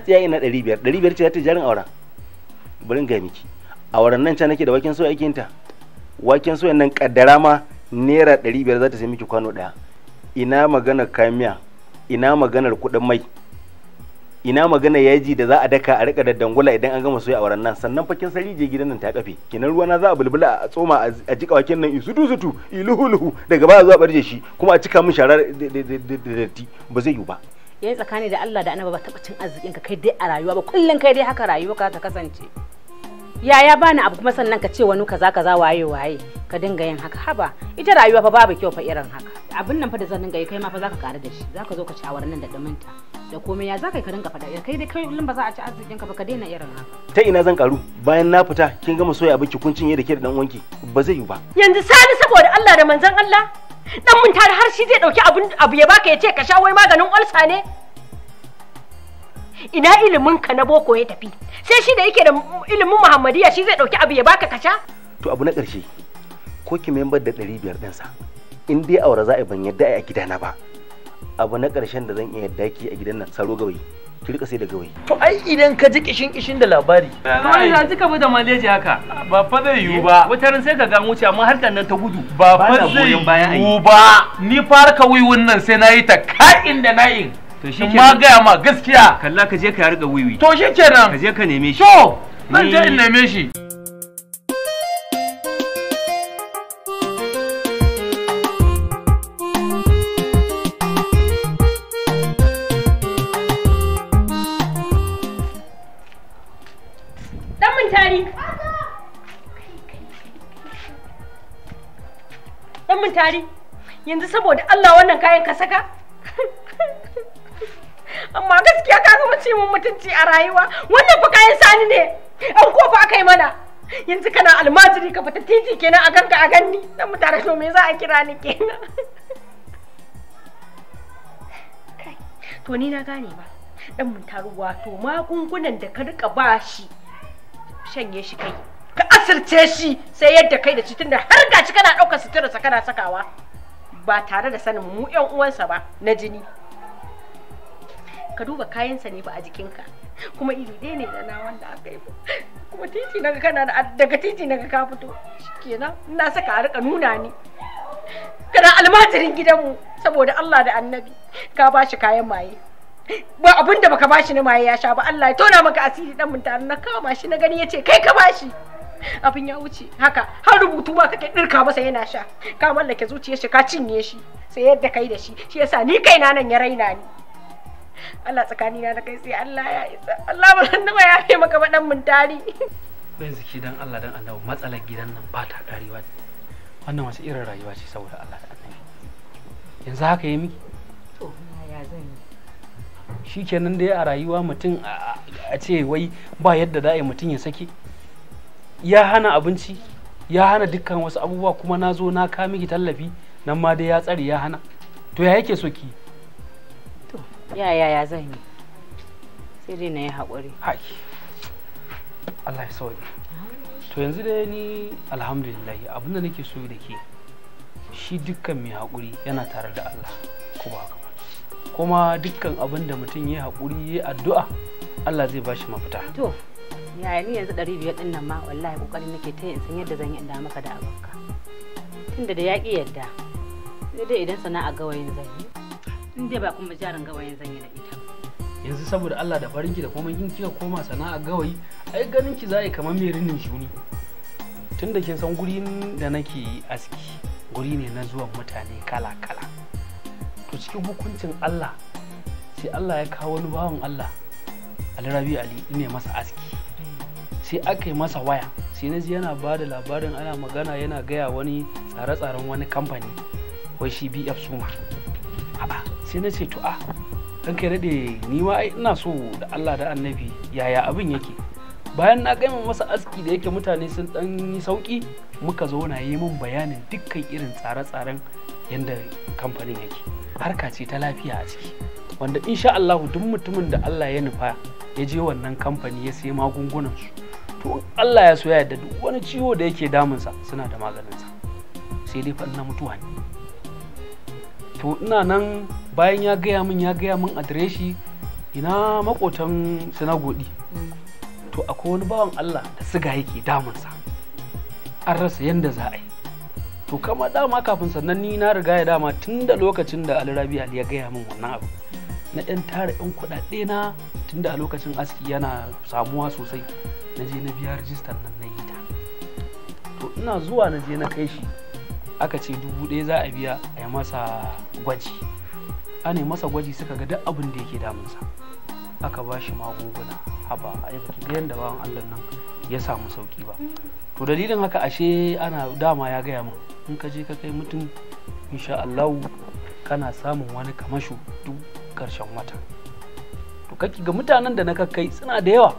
tsaya tsiya ina ɗari biyar ɗari biyar ce za ta jarin auren bari ga miki auren nan can nake da waken soya kinta waken soya nan kaddara ma naira ɗari biyar za ta sai miki kwano ɗaya ina maganar kamiya ina maganar kuɗin mai ina magana yaji da za a daka a rika daddangula idan an gama soya a wurin nan sannan fakin sari je gidan nan ta kafe kinan ruwana za a bulbula a tsoma a jika waken nan isutu sutu iluhu luhu daga baya zuwa barje shi kuma a cika min shara da datti ba zai yiwu ba yayi tsakani da Allah da Annabi ba taba cin arzikin ka kai dai a rayuwa ba kullun kai dai haka rayuwa ka ta kasance yaya bani abu kuma sannan ka ce wani kaza kaza waye waye ka dinga yin haka haba ita rayuwa fa babu kyau fa irin haka abin nan fa da zan dinga yi kai ma fa zaka karu da shi zaka zo ka ci awar nan da daminta da komai ya zaka ka dinga faɗa kai dai kai kullum ba za a ci arzikin ka ba ka daina irin haka ta ina zan karu bayan na fita kin gama soya abinci kun cinye da ke da dan wanki ba zai yi ba yanzu sani saboda Allah da manzon Allah dan mun tare har shi zai dauki abun abu ya baka ya ce ka sha wai maganin olsa ne ina ilimin ka na boko ya tafi sai shi da yake da ilimin muhammadiya shi zai dauki abu ya baka ka sha to abu na karshe ko ki member da 500 sa in dai aure za a ban yadda a gidana ba abu na karshen da zan iya yadda ki a gidan nan saro gawai ki rika sai da gawayi to ai idan ka ji kishin kishin da labari to ya ji kabu da maleji haka ba fa zai yiwu ba eh, wataran sai ka ga wuce amma harkar nan ta gudu ba fa zai yiwu ba ni fara ka wiwun nan sai na yi ta ka'in da yi. to shi ke ma gaya ma gaskiya kalla ka je ka yarga wiwi to shi ke nan. ka je ka neme shi to zan je eh. in neme shi wari yanzu saboda Allah wannan kayan ka saka amma gaskiya ka zama mace mun mutunci a rayuwa wannan fa kayan sani ne an kofa aka yi mana yanzu kana almajiri ka fita titi kenan a ganka a ganni dan mutane to me za a kira ni kenan to ni na gane ba dan mun taru wato magungunan da ka rika bashi shanye shi kai ka asirce shi sai yadda kai da shi da har gashi kana ɗaukar suturarsa kana sakawa ba tare da sanin mu yan uwansa ba na jini ka duba kayansa ne ba a jikinka kuma iri ɗaya ne da na wanda aka yi kuma titi na kana daga titi na ka fito kenan ina saka a rika nuna ni kana almajirin gidanmu saboda Allah da annabi ka ba kayan maye ba abinda baka bashi na maye ya sha ba Allah ya tona maka asiri dan mun na kama shi na gani yace kai ka bashi abin ya wuce haka har rubutu ba kake dirka masa yana sha ka mallake zuciyar shi ka cinye shi sai yadda kai da shi shi yasa ni kaina nan ya raina ni Allah tsakani na da kai sai Allah ya isa Allah ba nan ya fi maka badan mun tari bai ziki dan Allah dan Allah matsalar gidan nan ba ta karewa wannan wasu irin rayuwa ce saboda Allah da Allah yanzu haka yi miki to ya zan yi shikenan dai a rayuwa mutum a ce wai ba yadda za mutum ya sake ya hana abinci ya hana dukkan wasu abubuwa kuma na zo na ka miki tallafi nan ma dai ya tsare ya hana to ya yake so ki to ya ya ya zan yi sai dai na yi haƙuri haki Allah ya sauke to yanzu dai ni alhamdulillah abin da nake so da ke shi dukkan mai haƙuri yana tare da Allah ko ba haka kuma dukkan abin da mutum ya haƙuri ya addu'a Allah zai ba shi mafita to yaya ni yanzu ɗari biyar ɗin nan ma wallahi ƙoƙari nake ta in san yadda zan yi inda maka da abinka tunda da yaƙi yadda sai dai idan sana'a gawayin zan yi in dai ba kuma jarin gawayin zan yi da ita yanzu saboda Allah da farin ki da komai kin kika koma sana'a gawayi ai ganin ki za kamar mai rinin shuni tunda kin san gurin da nake yi aski guri ne na zuwan mutane kala kala to cikin hukuncin Allah sai Allah ya kawo wani bawan Allah Alrabi Ali ne masa aski sai aka yi masa waya sai na ji yana ba da labarin ana magana yana gaya wani tsare-tsaren wani kamfani wai shi bf suma a'a sai na ce to a kai rade ni ma ina so da Allah da annabi yaya abin yake bayan na gama masa aski da yake mutane sun dan yi sauki muka zo na yi min bayanin dukkan irin tsare-tsaren yadda kamfanin yake harka ce ta lafiya a ciki wanda insha allahu duk mutumin da Allah ya nufa ya je wannan kamfani ya sayi magungunan su to Allah ya so ya yarda duk wani ciwo da yake damunsa suna da maganinsa sai dai na mutuwa ne to ina nan bayan ya gaya min ya gaya min adireshi ina makotan sinagodi to akwai wani bawan Allah da siga yake damunsa an rasa yadda za a yi to kama dama kafin sannan ni na riga ya dama tun da lokacin da alrabi ali ya gaya min wannan abu na ɗan tara 'yan kuɗaɗe na tunda a lokacin aski yana samuwa sosai na je na biya rijistar nan na yi ta to ina zuwa na je na kai shi aka ce dubu ɗaya za a biya a yi masa gwaji ana yi masa gwaji suka ga duk abin da yake damunsa aka ba shi magunguna haba a yi yadda bawan allah nan ya samu sauki ba to dalilin haka ashe ana dama ya gaya min in ka je ka kai mutum insha allahu kana samun wani kamashu duk karshen wata to kaki ga mutanen da na kakkai suna da yawa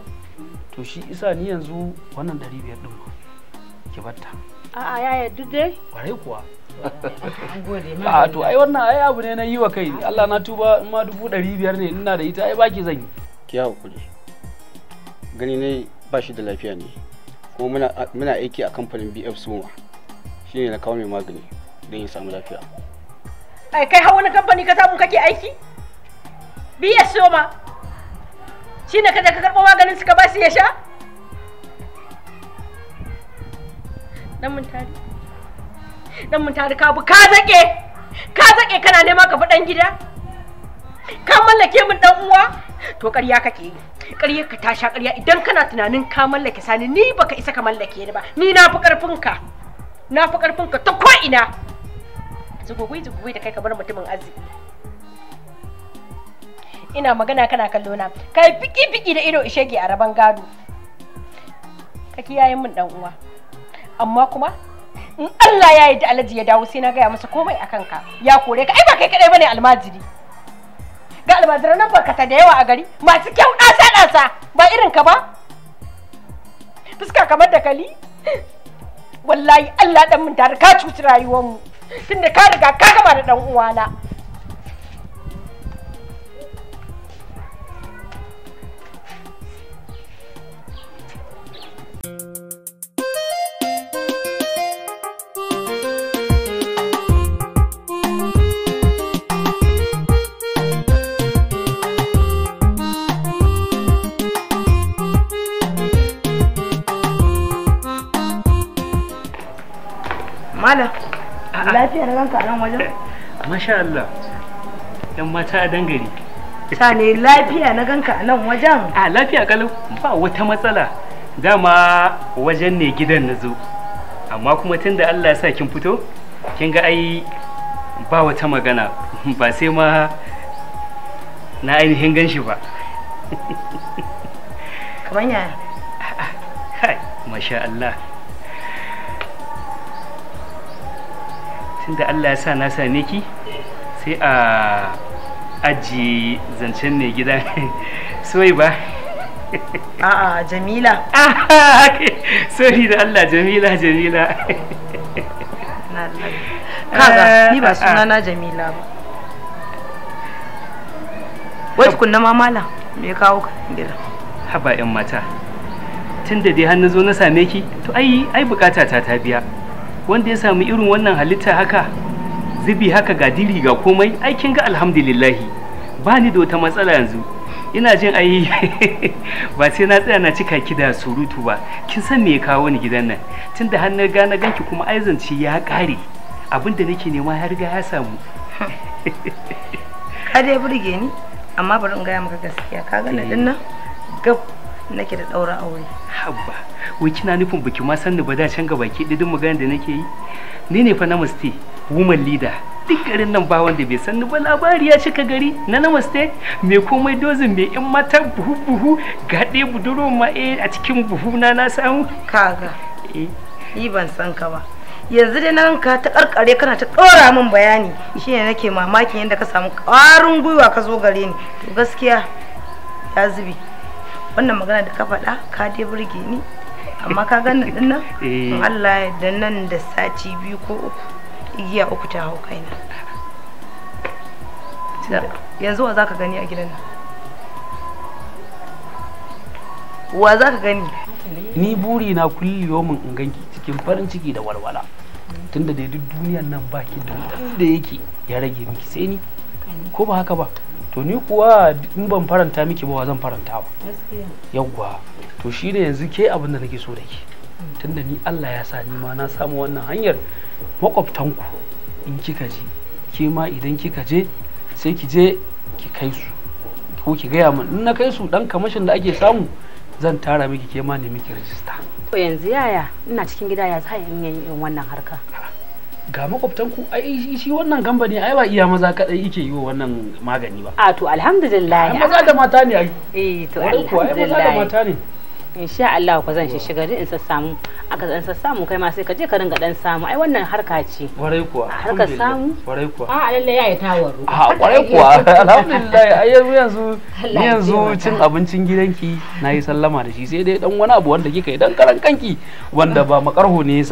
to shi isa ni yanzu wannan ɗari biyar ɗin ki batta a'a ya duk dai Kwarai kuwa a to ai wannan ai abu ne na yi wa kai Allah na tuba in ma dubu ɗari biyar ne ina da ita ai baki zan yi ki hawo kuɗi gani ne ba shi da lafiya ne kuma muna aiki a kamfanin BF Suma shine na kawo mai magani don ya samu lafiya ai kai hawa wani kamfani ka samu kake aiki BF Suma shi ka je ka karɓo maganin suka ba shi ya sha dan mun tare dan mun tare ka bu ka zake ka zake kana nema ka fi gida ka mallake min dan uwa to ƙarya kake yi ƙarya ka tasha, ƙarya idan kana tunanin ka mallake sani ni baka isa ka mallake ni ba ni na fi ƙarfin ka na fi ƙarfin ka ta ko ina zugugui zugugui da kai ka bar mutumin arziki ina magana kana kallo na kai fiki fiki da ido ishege a raban gado ka kiyaye min dan uwa amma kuma in Allah ya yarda Alhaji ya dawo sai na gaya masa komai akan ka ya kore ka ai ba kai kadai bane almajiri ga almajiran nan barkata da yawa a gari masu kyau ɗasa ɗasa ba irin ka ba fuska kamar da kali wallahi Allah dan mun tare ka cuci rayuwar mu tunda ka riga ka gama da dan uwana masha Allah yan mata a dangare ta ne lafiya na ganka a nan wajen a lafiya kalau ba wata matsala dama wajen ne gidan na zo amma kuma tun da Allah ya sa kin fito kin ga ai ba wata magana ba sai ma na ainihin gan shi ba kamar ya masha Allah tun da Allah ya sa na ne ki sai a ajiye zancen ne gida soyi ba a'a jamila sorry da allah jamila jamila kaga ni ba eh, ah, sunana ah. jamila ba wai kunna mamala me ya kawo ka gida haba yan mata tun da dai hannu zo na same ki to ai ai bukata ta ta biya wanda ya samu irin wannan halitta haka zubi haka ga diri ga komai aikin ga alhamdulillahi ba ni da wata matsala yanzu ina jin ayi ba sai na tsaya na cika ki da surutu ba kin san me ya kawo ni gidan nan tunda har na gana ganki kuma aizanci ya kare abin da nake nema ya riga ya samu ka dai burge ni amma bari in gaya maka gaskiya ka ga na dinnan gab nake da daura aure habba wai kina nufin biki ma san ni ba da can gaba ki didin magana da nake yi ni ne fa na musti woman leader duk garin nan ba wanda bai san ba labari ya cika gari na namaste mai komai dozin mai yan mata buhu buhu ga ɗaya buduro ma eh, a cikin buhu na na samu kaga yi eh. ban san ka ba yanzu dai na ranka ta karkare kana ta ɗora min bayani shine nake mamakin yadda ka samu ƙwarin gwiwa ka zo gare ni to gaskiya ya zubi wannan magana da ka faɗa ka dai burge ni amma ka gani dinnan nan eh. Allah ya da nan da sati biyu ko uku igiya uku ta hau kaina yanzu wa za ka gani a gidan nan wa za ka gani ni buri na kulli yomin in ganki cikin farin ciki da walwala tunda da duk duniyan nan baki da wanda yake ya rage miki sai ni ko ba haka ba to ni kuwa in ban faranta miki ba zan faranta ba yawwa to shi ne yanzu ke abin da nake so da ke tunda ni Allah ya sa ni ma na samu wannan hanyar makwabtanku in kika je ke ma idan kika je sai ki je ki kai su ko ki gaya min in na kai su dan kamashin da ake samu zan tara miki ke ma ne miki rajista to yanzu yaya ina cikin gida ya za in yi wannan harka ga makwabtanku ai shi wannan gamba ne ai ba iya maza kadai yake yi wa wannan magani ba a to alhamdulillah maza da mata ne ai eh to alhamdulillah maza da mata ne insha Allah ku zan shiga in samu aka zan samu kai ma sai ka je ka ringa dan samu ai wannan harka ce kwarai kuwa harka samu kwarai kuwa a lalle yayi tawaro a kwarai kuwa alhamdulillah ai yanzu yanzu cin abincin gidanki nayi sallama da shi sai dai dan wani abu wanda kika yi dan karan kanki wanda ba makarho ne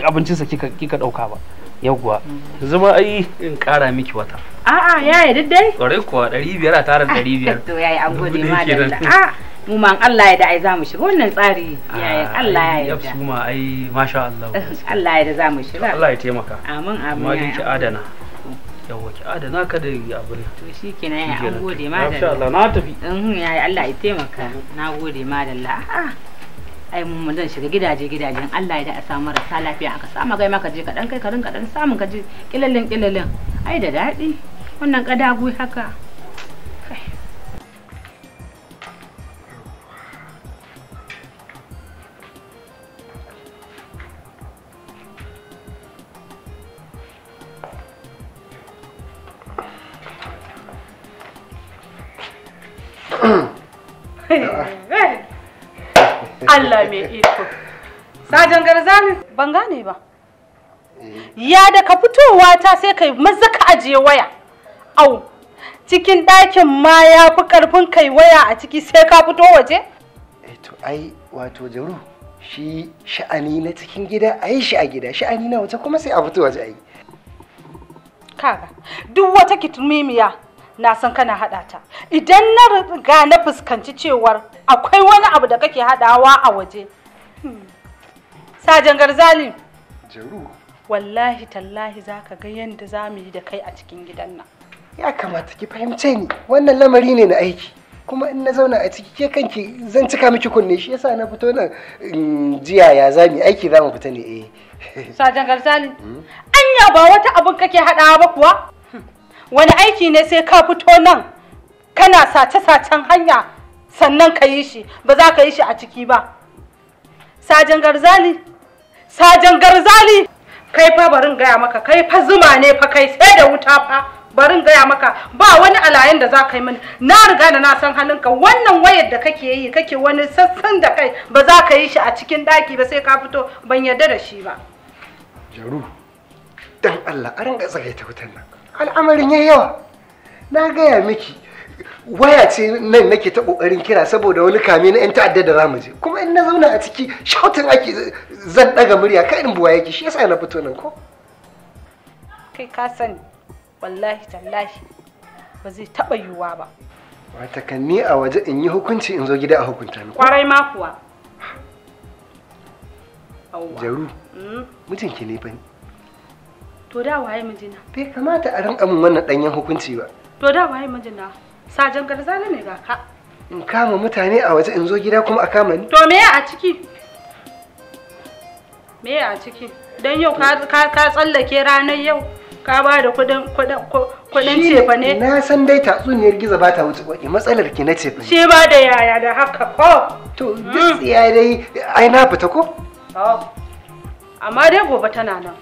abincinsa kika kika dauka ba yawwa zama ai in kara miki wata a'a yaya daddai kwarai kuwa 500 a tarin 500 to yayi an gode ma da Allah mu ma Allah ya da ai zamu shiga wannan tsari yayin ah, Allah ya yarda su ma ai masha Allah Allah ya da zamu shiga Allah ya taimaka amin amin ma dinki adana yawa ki adana ka da ne to shikenan ya an gode ma da masha Allah na tafi in mhm, yayi Allah ya taimaka na gode ma da Allah ai mun zan shiga gidaje gidajen Allah ya da a samu marasa lafiya aka samu gai maka je kaɗan kai ka rinka dan samun ka je kilallin kilallin ai da daɗi wannan kadagu haka Allah mai iko. Sajan garzani ban gane ba. Ya ka fitowa ta sai kai maza ka ajiye waya. Au, cikin ɗakin ma ya fi ƙarfin kai waya a ciki sai ka fito waje? Eh to ai wato jaru shi sha'ani na cikin gida a yi shi a gida sha'ani na wata kuma sai a fito waje a yi. Kaga, duk wata kitumimiya na san kana haɗa ta idan na riga na fuskanci cewar akwai wani abu da kake haɗawa a waje hmm, sajan garzali jaru wallahi tallahi za ka ga yadda za mu yi da kai a cikin gidan nan ya kamata ki fahimce ni wannan lamari ne na aiki kuma in na zauna a ciki ke kanki zan cika miki kunne shi yasa na fito nan jiya ya za mu aiki za mu fita ne eh sajan garzali hmm? anya ba wata abin kake haɗawa ba kuwa wani aiki ne sai ka fito nan kana sace-sacen hanya sannan ka yi shi ba za ka yi shi a ciki ba sajan garzali sajan garzali kai fa barin gaya maka kai fa zuma ne fa kai sai da wuta fa barin gaya maka ba wani alayen da za ka yi mini na riga da na san hannunka wannan wayar da kake yi kake wani sassan da kai ba za ka yi shi a cikin ɗaki ba sai ka fito ban yarda da shi ba jaru dan allah a ringa tsagaita wutan nan al'amarin ya yawa na gaya miki waya ce nan nake ta kokarin kira saboda wani kame na 'yan ta'adda da zamu je kuma in na zauna a ciki shautin ake zan daga murya kai in buwa yake shi yasa na fito nan ko kai ka sani wallahi tallahi ba zai taba yiwuwa ba wata kan ni a waje in yi hukunci in zo gida a hukunta ni kwarai ma kuwa jaru mm. mijinki ne ba ni To da waye majina? Bai kamata a rinka min wannan danyen hukunci ba. To da waye mijina? Sajan garza ne ga ka. In kama mutane a waje in zo gida kuma a kama ni? To me a ciki? Me a ciki? Dan yau ka tsallake ranar yau. ka ba da kudin kudin cefa ne na san dai tatsuniyar giza ba ta wuce kwaki matsalar ki na cefa shi ba da yaya da haka ko to duk hmm. tsiya dai ai na fita ko oh. amma dai gobe tana nan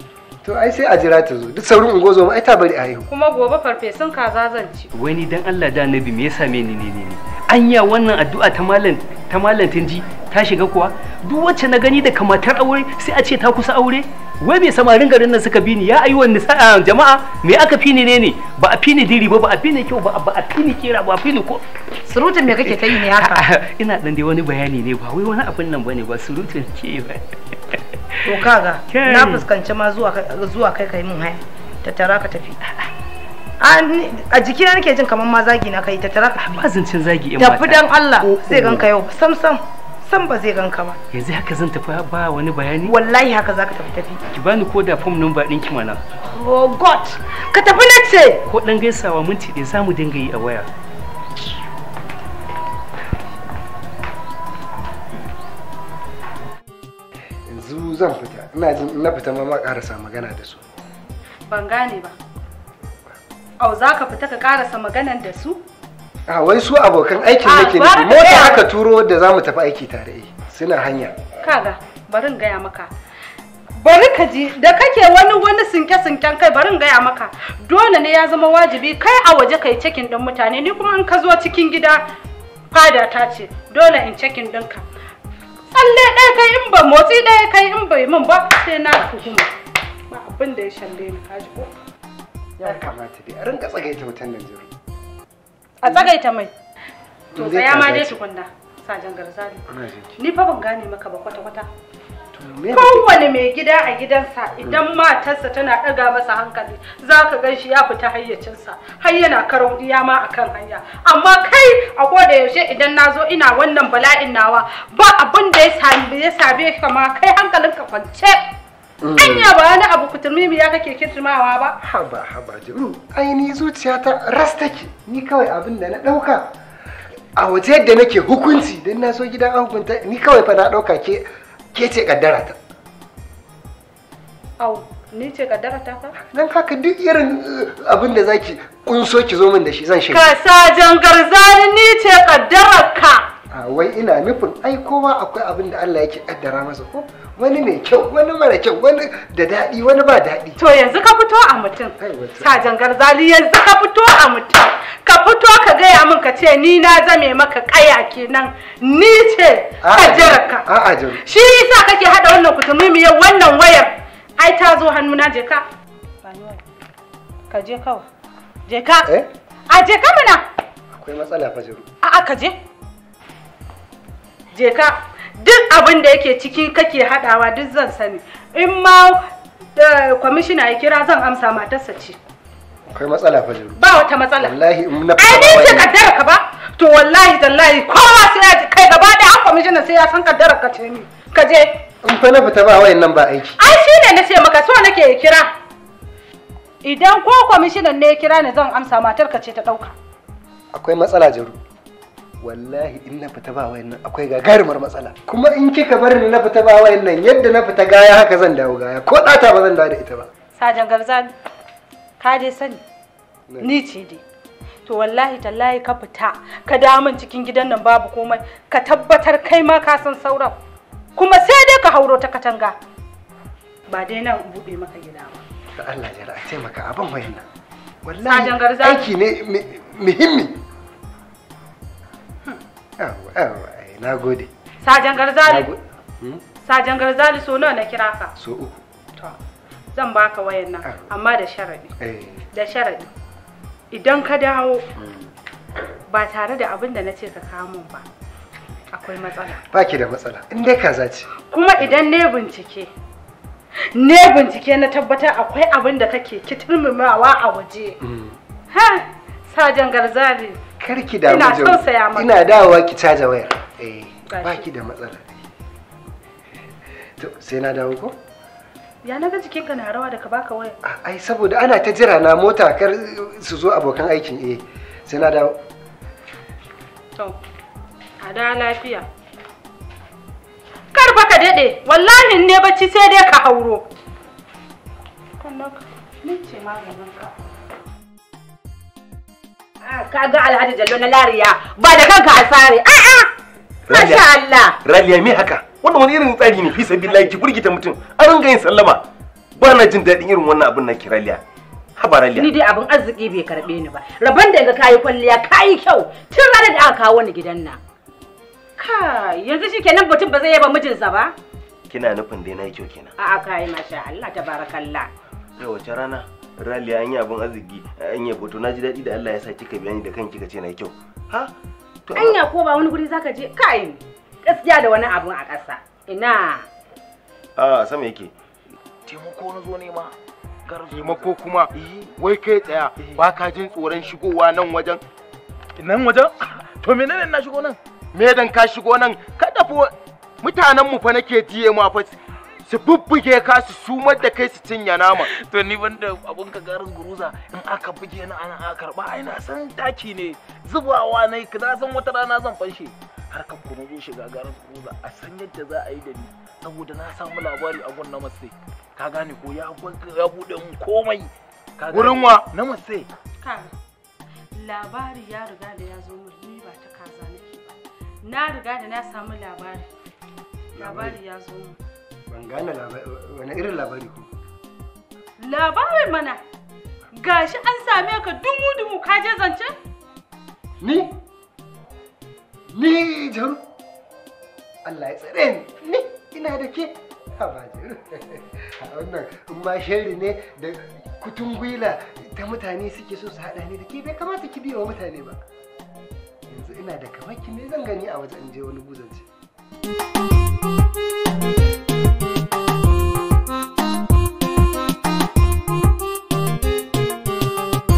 to ai sai a jira ta zo duk saurin ungozo ai ta bari a haihu kuma gobe farfesun kaza zan ci wai ni dan Allah da annabi me ya same ni ne ne anya wannan addu'a ta malam ta malam tinji ta shiga kuwa duk wacce na gani da kamatar aure sai a ce ta kusa aure wai me samarin garin nan suka bi ni ya ayi nisa jama'a me aka fini ne ne ba a fini diri ba ba a fini kyau ba a fini kira ba a fini ko surutun me kake ta yi ne haka ina dan dai wani bayani ne ba wai wani abin nan bane ba surutun ke ba to kaga na fuskanci ma zuwa kai kai mun haya tattara ka tafi a jikina nake jin kamar ma zagi na kai tattara ka ba zancin zagi in tafi dan Allah oh, zai oh. ganka yau sam sam sam ba zai ganka ba yanzu haka zan tafi ba wani bayani wallahi haka zaka tafi tafi ki bani ko da form number din ki mana oh god ka tafi nace ko dan gaisawa minti ɗaya zamu dinga yi a waya zan fita ina jin na fita ma ma karasa magana da su ban gane ba au za ka fita ka karasa maganan da su a wai su abokan aikin nake ne mota aka turo da za mu tafi aiki tare eh, suna hanya kaga bari in gaya maka bari ka ji da kake wani wani sinke sinken kai bari in gaya maka dole ne ya zama wajibi kai a waje kai cikin din mutane ni kuma in ka zo cikin gida fada ta ce dole in cikin ɗinka tsalle ɗaya kai in ba motsi ɗaya kai in bai min ba sai na tuhuma ba abin da ya shalle ni kaji ko ya kamata dai a rinka tsagaita wutan nan jiru a tsagaita mai to tsaya ma dai tukunna sa jangar zali ni fa ban gane maka ba kwata kwata kowane mai gida a gidansa idan matarsa tana ɗaga masa hankali za ka gan shi ya fita hayyacinsa har yana karo ya ma a kan hanya amma kai a koda yaushe idan na zo ina wannan bala'in nawa ba abin da ya same ka ma kai hankalinka kwance mm. Anya ba wani abu kuturmimi ya kake kirtimawa ba? Haba haba jiru, ai ni ta ras take, ni kawai abin da na ɗauka. A waje da nake hukunci, don na so gidan hukunta, ni kawai fa na ɗauka ke ke ce kaddara ta au ni ce kaddara ta fa dan haka duk irin eh, abin da zaki kun so ki zo min da shi zan shiga ka sa jangar zani ni ce kaddara ka a wai ina nufin ai kowa akwai abin da Allah yake kaddara masa ko wani mai kyau wani mara kyau wani da daɗi wani ba daɗi to yanzu ka fito a mutum sa jangar zali yanzu ka fito a mutum ka fito ka gaya min ka ce ni na zame maka kaya kenan ni ce kaddara a'a jin shi yasa kake hada wannan kutumimiyar wannan wayar ai ta zo hannuna je ka ka je kawai. je ka eh? a je ka mana akwai matsala fa jiru a'a ka je je ka duk abin da yake ciki kake hadawa duk zan sani in ma eh, kwamishina ya kira zan amsa matarsa ce akwai matsala fa jiru ba wata matsala wallahi in na fara ai ne ce dara ka ba to wallahi tallahi kowa sai ya kai gaba da an kwamishina sai ya san kaddarar ka ce ni ka je in fa na fita ba wayan nan ba aiki ai shine na ce maka so nake kira idan ko kwamishinan ne ya kira ni zan amsa matar ka ce ta dauka akwai matsala jaru wallahi in na fita ba wayan nan akwai gagarumar matsala kuma in kika bar ni na fita ba wayan nan yadda na fita gaya haka zan dawo gaya ko ɗata ba zan dawo da ita ba sajan garzani ka dai sani ni ce dai to wallahi tallahi ka fita ka damun cikin gidan nan babu komai ka tabbatar kai ma ka san sauran kuma sai dai ka hauro ta katanga ba dai nan in buɗe maka gida ba da Allah ya ra'a taimaka abin wayannan wallahi aiki ne muhimmi eh, na gode sajan garzali hmm? sajan garzali so nawa na kira ka so uku zan baka wayanna amma da sharadi eh. da sharadi idan ka dawo hmm. ba tare da abin da na ce ka kamun ba akwai matsala ba ki da matsala in dai kaza ce kuma idan ne bincike ne bincike na tabbatar akwai abin da kake kitilmimawa a waje hmm. ha sajan garzari karki da ina son saya maka ina dawowa ki caja wayar eh ba ki da matsala to sai na dawo ko Ya na ga jikinka na rawa da ka baka waya. Ai saboda ana ta jira na mota kar su zo abokan aikin eh. Sai na dawo. To. A da lafiya. Kar baka ka dade, wallahi ne bacci sai dai ka hauro. Kallaka, ni ce maganin ka. Ah, ka ga Alhaji Jallo na Lariya ba da kanka a A'a! Ah, ah! Masha Allah. rali me haka? wannan wani irin tsari ne fi sabillahi ki burgita mutum an ringa yin sallama ba na jin daɗin irin wannan abin na kiraliya habaraliya ni dai abin arziki bai karbe ni ba rabon da ga kayi kwalliya kayi kyau tun ranar da aka kawo ni gidan nan ka yanzu shi kenan mutum ba zai yaba mijinsa ba kina nufin dai na yi kyau kenan a'a kayi masha Allah tabarakallah yau wace rana raliya an yi abin arziki an yi boto na ji daɗi da Allah ya sa kika biya ni da kanki kika ce na kyau ha anya ko ba wani guri zaka je kai gaskiya da wani abun a ƙasa ina a sama yake taimako na zo nema taimako kuma eh. wai kai tsaya eh. ba ka jin tsoron shigowa nan wajen nan wajen to menene na shigo nan me dan ka shigo nan ka tafi mutanen mu fa nake jiye ma fa su bubbuge ka su sumar da kai su cinye nama to ni banda abun ka garin guruza in aka buge ni ana karba ai na san daki ne zubawa ne ka san wata rana zan fanshe harkar ku na zo shiga garin kuza a san yadda za a yi da ni saboda na samu labari a gun na ka gane ko ya ya bude mun komai ka gurin wa na ka labari ya riga da ya zo mun ni ba ta kaza ba na riga da na samu labari labari ya zo ban gane labari wani irin labari ko labarin mana gashi an same ka dumu-dumu ka je zance ni ni jaru Allah ya tsare ni ni ina da ke ha ba a wannan in ma sharri ne da kutun gwila ta mutane suke so su haɗa ni da ke bai kamata ki biya wa mutane ba yanzu ina da kamar ki ne zan gani a wajen je wani guzance